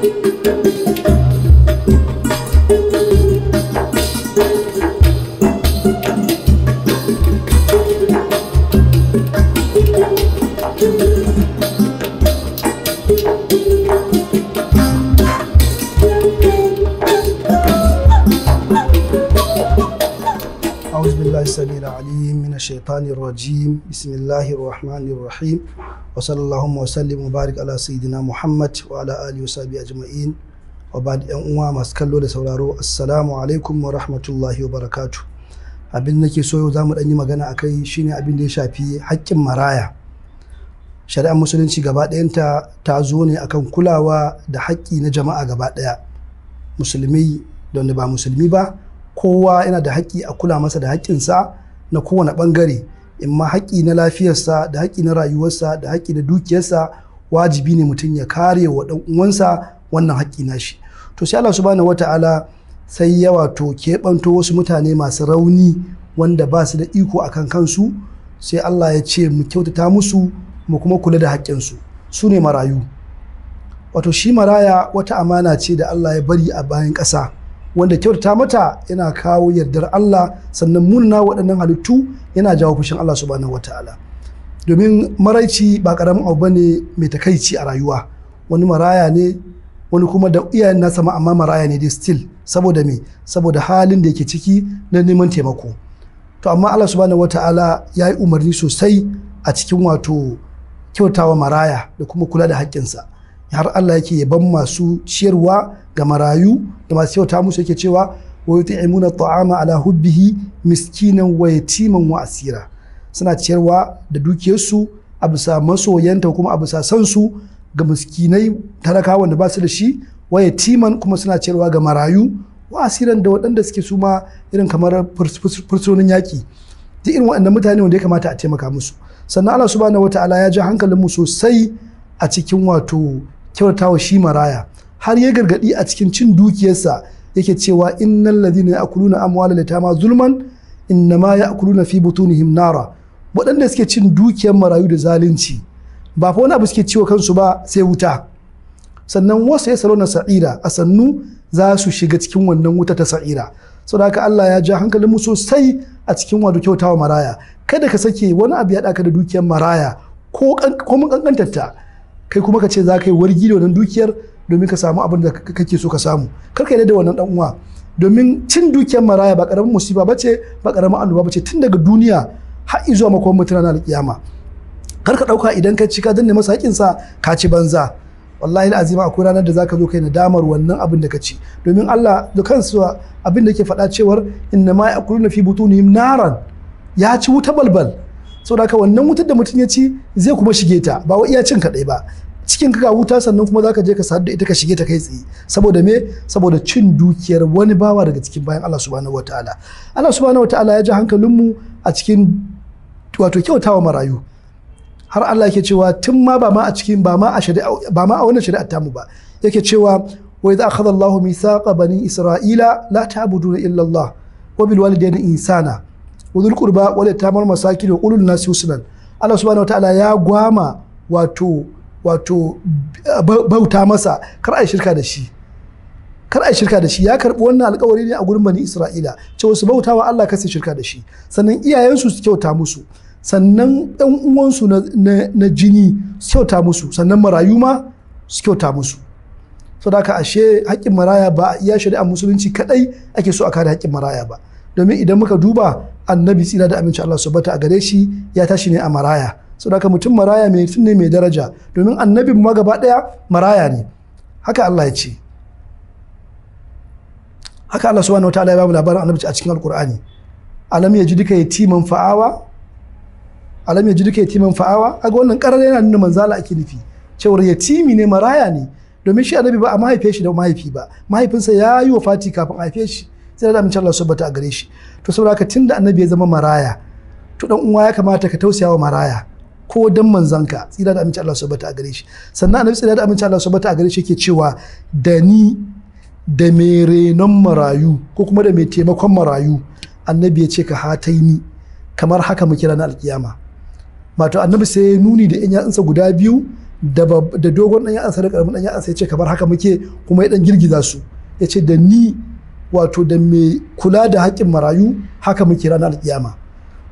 Thank you. السميع العليم من الشيطان الرجيم بسم الله الرحمن الرحيم وصلى اللهم وسلم وبارك على سيدنا محمد وعلى اله وصحبه اجمعين وبعد أن أوا مسكلو لسورارو السلام عليكم ورحمه الله وبركاته abin da ke so za mu ɗanyi magana akai shine abin da ya shafi haƙƙin maraya shari'ar musulunci gaba ɗayanta ta zo ne akan kulawa da haƙƙi na jama'a gaba ɗaya musulmi da ba musulmi ba kowa yana da haƙƙi a kula masa da haƙƙinsa na kowane ɓangare imma haƙƙi na lafiyarsa da haƙƙi na rayuwarsa da haƙƙi na dukiyarsa wajibi ne mutum ya kare wa ɗan uwansa wannan haƙƙi nashi to sai Allah subhanahu wata'ala sai ya wato keɓanto wasu mutane masu rauni wanda ba su da iko akan kansu sai Allah ya ce mu kyautata musu mu kuma kula da haƙƙinsu su ne marayu wato shi maraya wata amana ce da Allah ya bari a bayan ƙasa wanda kyauta mata yana kawo yardar Allah sannan munna waɗannan halittu yana jawo fushin Allah subhanahu wataala domin maraici ba karamin abu bane mai takaici a rayuwa wani maraya ne wani kuma da iyayen nasa ma amma maraya ne dai still saboda me saboda halin da yake ciki na neman taimako to amma Allah subhanahu wataala ya yi umarni sosai a cikin wato kyautawa maraya da kuma kula da haƙƙinsa har Allah yake yaban masu ciyarwa ga marayu da masu kyauta musu yake cewa wa yut'imuna ta'ama ala hubbihi miskinan wa yatiman wa asira suna ciyarwa da dukiyarsu a bisa masoyanta kuma a bisa san su ga miskinai talakawan da ba su da shi wa yatiman kuma suna ciyarwa ga marayu wa asiran da waɗanda suke su ma irin kamar fursunan yaki duk irin waɗanda mutane wanda ya kamata a taimaka musu sannan Allah subhanahu wata'ala ya ji hankalin mu sosai a cikin wato Kyautawa shi maraya har ya gargadi a cikin cin dukiyarsa yake cewa innal ladina ya'kuluna amwalal yatama zulman innama ya'kuluna fi butunihim himnara waɗanda suke cin dukiyar marayu da zalunci ba fa wani abu suke ciwo kansu ba sai wuta sannan wasu ya na sa'ira a sannu za su shiga cikin wannan wuta ta sa'ira saboda haka Allah ya ja hankalin mu sosai a cikin wato kyautawa maraya kada ka sake wani abu ya ɗaka da dukiyar maraya ko mun ta kai kuma ka ce za ka yi wargi da wannan dukiyar domin ka samu abin da kake so ka samu kar ka yi da wannan dan uwa domin cin dukiyar maraya ba karamin musiba ba ce ba karamin annoba ba ce tun daga duniya har zuwa makon mutuna na alkiyama kar ka dauka idan ka ci ka danne masa hakinsa ka ci banza wallahi azima akwai ranar da zaka zo kai nadamar wannan abin da ka ci domin Allah da kansa abin da yake faɗa cewar inna ma ya'kuluna fi butunihim naran ya ci wuta balbal saboda haka wannan wutar da mutum ya ci zai kuma shige ta ba wai iya cin kaɗai ba cikin ka wuta sannan kuma zaka je ka sadu da ita ka shige ta kai tsaye saboda me saboda cin dukiyar wani bawa daga cikin bayan Allah subhanahu wataala Allah subhanahu wataala ya ji hankalinmu a cikin wato kyautawa marayu har Allah yake cewa tun ma ba ma a cikin ba ma a shari'a ba ma a wannan shari'a mu ba yake cewa wa idza akhadha Allahu mithaqa bani isra'ila la ta'buduna illa Allah wa bil walidayni insana wudul qurba wal yatamar masaki da ulul nasi husnan Allah subhanahu wataala ya gwama wato wato bauta masa kar a shirka da shi kar a shirka da shi ya karbi wannan alkawari ne a gurin bani Isra'ila cewa su bauta wa Allah kasa su shirka da shi sannan iyayensu su kyauta musu sannan ɗan uwansu na jini su kyauta musu sannan marayu ma su kyauta musu so da ashe haƙƙin maraya ba iya shari'a musulunci kadai ake so a kare haƙƙin maraya ba domin idan muka duba annabi tsira da amince Allah su bata a gare shi ya tashi ne a maraya sau da mutum maraya mai tun ne mai daraja domin annabi ma gaba daya maraya ne haka Allah ya ce haka Allah subhanahu wataala ya bamu labarin annabci a cikin alkur'ani alam ya ji duka yatiman fa'awa alam ya ji duka yatiman fa'awa aga wannan karar yana nuna manzala ake nufi cewar yatimi ne maraya ne domin shi annabi ba a mahaife shi da mahaifi ba mahaifinsa ya yi wa fati kafin a haife shi zai da amincin Allah bata a gare shi to saboda haka tunda annabi ya zama maraya to dan uwa ya kamata ka tausaya wa maraya ko dan manzanka tsira da amincin Allah bata a gare shi sannan annabi tsira da amincin Allah bata a gare shi yake cewa da ni da mai renon marayu ko kuma da mai taimakon marayu annabi ya ce ka hataini kamar haka mu kira na alkiyama wato annabi sai ya nuni da yan yatsunsa guda biyu da dogon dan yatsa da karamin dan yatsa ya ce kamar haka muke kuma ya dan girgiza su ya ce da ni wato da mai kula da haƙƙin marayu haka muke ranar alƙiyama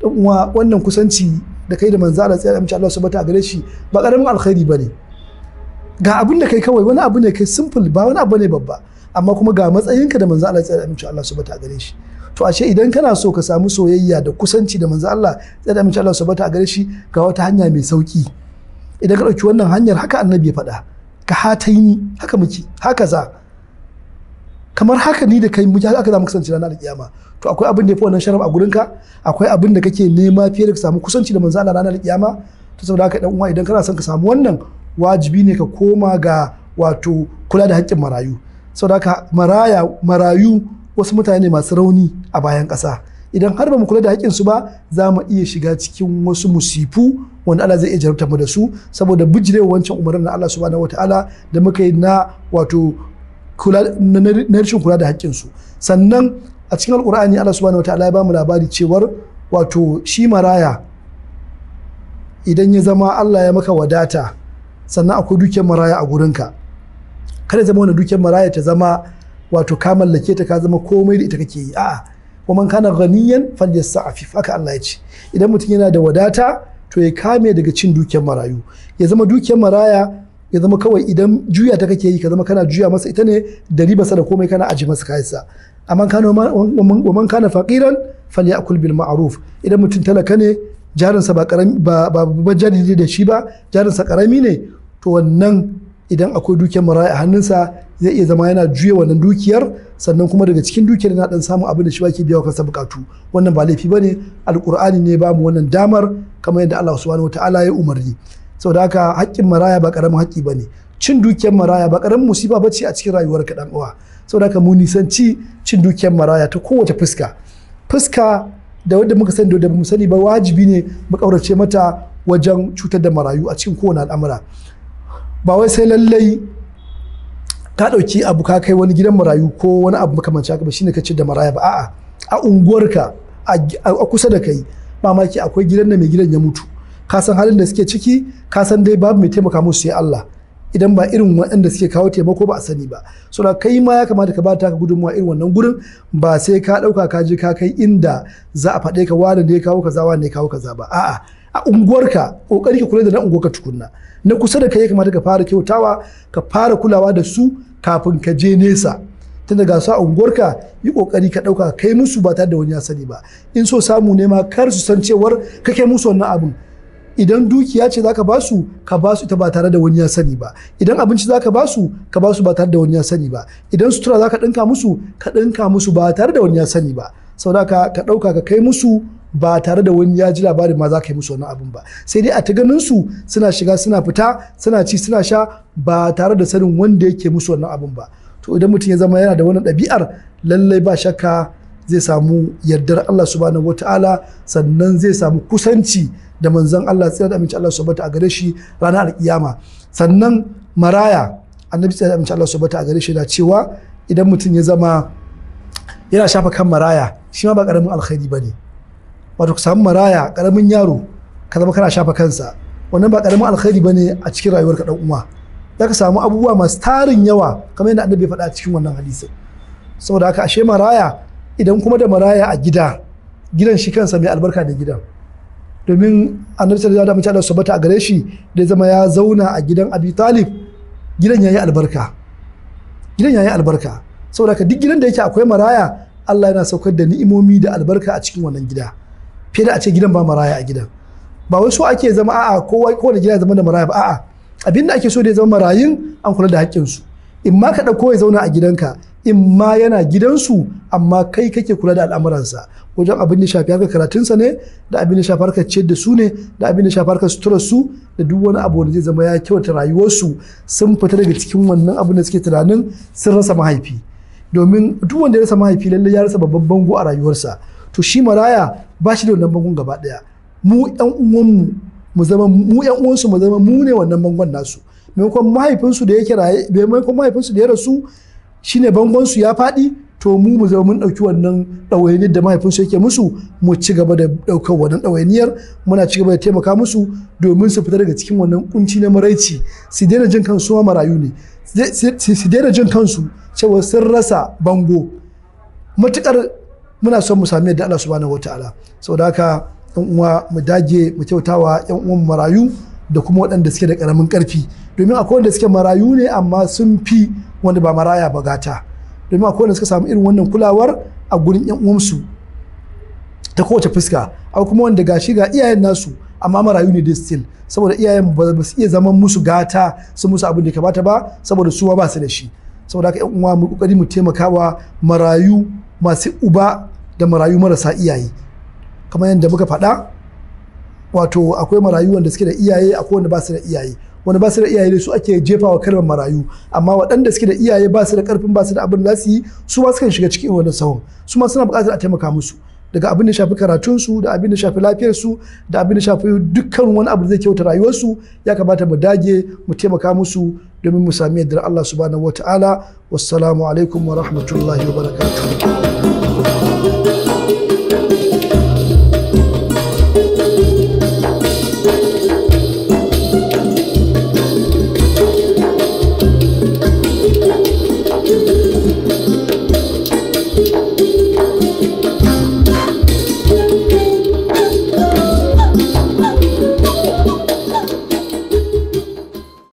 don uwa wannan kusanci da kai da manzo Allah tsaya amince Allah subhanahu a gare shi ba karamin alkhairi bane ga abin da kai kawai wani abu ne kai simple ba wani abu ne babba amma kuma ga matsayinka da manzo Allah tsaya amince Allah subhanahu a gare shi to ashe idan kana so ka samu soyayya da kusanci da manzo Allah tsaya amince Allah subhanahu a gare shi ga wata hanya mai sauki idan ka ɗauki wannan hanyar haka annabi ya faɗa ka hataini haka muke haka za kamar haka ni da kai mu aka za mu kasance ranar kiyama to akwai abin da ya fi wannan sharaf a gurin ka akwai abin da kake nema fiye da ka samu kusanci da manzo Allah ranar kiyama to saboda haka dan uwa idan kana son ka samu wannan wajibi ne ka koma ga wato kula da haƙƙin marayu saboda haka maraya marayu wasu mutane masu rauni a bayan ƙasa idan har ba mu kula da haƙƙin su ba za mu iya shiga cikin wasu musifu wanda Allah zai iya jarabta mu da su saboda bijirewa wancan umarnin na Allah subhanahu wataala da muka yi na wato na rashin kula da haƙƙinsu sannan a cikin alkur'ani Allah subhanahu ta'ala ya bamu labari cewar wato shi maraya idan ya zama Allah ya maka wadata sannan akwai dukiyar maraya a gurinka kada zama wani dukiyar maraya ta zama wato ka mallake ta ka zama komai da ita kake yi a'a kuma man kana ghaniyan afif haka Allah ya ce idan mutum yana da wadata to ya kame daga cin dukiyar marayu ya zama dukiyar maraya ya zama kawai idan juya ta kake yi ka zama kana juya masa ita ne da ribarsa da komai kana aji masa kayansa amma kana man kana faqiran falyakul bil ma'ruf idan mutum talaka ne jarinsa ba karami ba ba da shi ba jarinsa karami ne to wannan idan akwai dukiyar maraya a hannunsa zai iya zama yana juya wannan dukiyar sannan kuma daga cikin dukiyar yana dan samun abin da shi ke biya kansa bukatu wannan ba laifi bane alqur'ani ne ba mu wannan damar kamar yadda Allah subhanahu wataala ya umarni da haka haƙƙin maraya ba ƙaramin haƙƙi ba ne cin dukiyar maraya ba ƙaramin musiba ba ce a cikin rayuwar ka dan uwa da haka mu ci cin dukiyar maraya ta kowace fuska fuska da wanda muka sani da mu sani ba wajibi ne mu kaurace mata wajen cutar da marayu a cikin kowane al'amura ba wai sai lallai ka ɗauki abu ka kai wani gidan marayu ko wani abu makamanci haka ba shine ka ci da maraya ba a'a a unguwarka a kusa da kai mamaki akwai gidan da mai gidan ya mutu ka san halin da suke ciki ka san dai babu mai taimaka musu sai Allah idan ba irin waɗanda suke kawo taimako ba a sani ba so da kai ma ya kamata ka ba ta gudunmuwa irin wannan gurin ba sai ka ɗauka ka je ka kai inda za a faɗe ka wani ne kawo kaza wani ne kawo kaza ba a'a a unguwarka kokari ka kula da na unguwarka tukunna na kusa da kai ya kamata ka fara kyautawa ka fara kulawa da su kafin ka je nesa tun daga su a unguwarka yi kokari ka ɗauka kai musu ba tare da wani ya sani ba in so samu ne ma kar su san cewar kake musu wannan abin idan dukiya ce zaka basu su ka ba ita ba tare da wani ya sani ba idan abinci zaka basu su ka ba ba tare da wani ya sani ba idan sutura zaka dinka musu ka dinka musu ba tare da wani ya sani ba saboda ka dauka ka kai musu ba tare da wani ya ji labarin ma za ka yi musu wani abin ba sai dai a ta ganin su suna shiga suna fita suna ci suna sha ba tare da sanin wanda yake musu wannan abin ba to idan mutum ya zama yana da wannan dabi'ar lallai ba shakka zai samu yardar Allah subhanahu wataala sannan zai samu kusanci da manzon Allah tsira da amince Allah subhanahu a gare shi ranar alkiyama sannan maraya annabi tsira da amince Allah subhanahu a gare shi na cewa idan mutum ya zama yana shafa kan maraya shi ma ba karamin alkhairi bane wato ku samu maraya karamin yaro ka zama kana shafa kansa wannan ba karamin alkhairi ba ne a cikin rayuwar ka dan uwa za ka samu abubuwa masu tarin yawa kamar yadda annabi faɗa cikin wannan hadisin saboda haka ashe maraya idan kuma da maraya a gida gidan shi kansa mai albarka da gidan domin annabi sallallahu alaihi wasallam da sabata a gare shi da zama ya zauna a gidan Abi Talib gidan yayi albarka gidan yayi albarka saboda ka duk gidan da yake akwai maraya Allah yana saukar da ni'imomi da albarka a cikin wannan gida fiye da a ce gidan ba maraya a gidan ba wai so ake zama a'a ko da gida zama da maraya ba a'a abinda ake so da ya zama marayin an kula da haƙƙinsu in ma ka ɗauko ya zauna a gidanka in ma yana gidansu amma kai kake kula da al'amuransa wajen abin da shafi harkar karatunsa ne da abin da shafi harkar ciyar da su ne da abin da shafi harkar suturarsu da duk wani abu da zai zama ya kyauta rayuwarsu sun fita daga cikin wannan abin da suke tunanin sun rasa mahaifi domin duk wanda ya rasa mahaifi lallai ya rasa babban bango a rayuwarsa to shi maraya ba shi da wannan bangon gaba daya mu yan uwanmu mu zama mu yan uwansu mu zama mu ne wannan bangon nasu maimakon mahaifinsu da yake raye maimakon mahaifinsu da ya rasu shine bangon su ya faɗi to mu mu zama mun ɗauki wannan ɗawainiyar da mahaifinsu yake musu mu ci gaba da ɗaukar wannan ɗawainiyar muna ci gaba da taimaka musu domin su fita daga cikin wannan kunci na maraici su daina jin kansu ma marayu ne su daina jin kansu cewa sun rasa bango matukar muna son mu sami yadda Allah subhanahu wataala saboda haka yan uwa mu dage mu kyautawa yan uwan marayu da kuma waɗanda suke da karamin karfi domin akwai wanda suke marayu ne amma sun fi wanda ba maraya ba gata domin akwai wanda suka samu irin wannan kulawar a gurin yan uwansu ta kowace fuska akwai kuma wanda gashi ga iyayen nasu amma marayu ne dai still saboda iyayen ba su iya zaman musu gata su musu abin da ya kamata ba saboda suwa ba su da shi saboda haka yan uwa mu kokari mu taimakawa marayu masu uba da marayu marasa iyaye kamar yadda muka faɗa wato akwai marayu wanda suke da iyaye akwai wanda ba su da iyaye wani ba su da iyaye su ake jefawa kalmar marayu amma waɗanda suke da iyaye ba su da karfin ba su da abin da su yi su ma sukan shiga cikin wani sahun su ma suna buƙatar a taimaka musu daga abin da shafi karatunsu da abin da shafi lafiyarsu da abin da shafi dukkan wani abu da zai kyauta rayuwarsu ya kamata mu dage mu taimaka musu domin mu sami yadda Allah subhanahu wataala wassalamu alaikum wa rahmatullahi wa barakatuh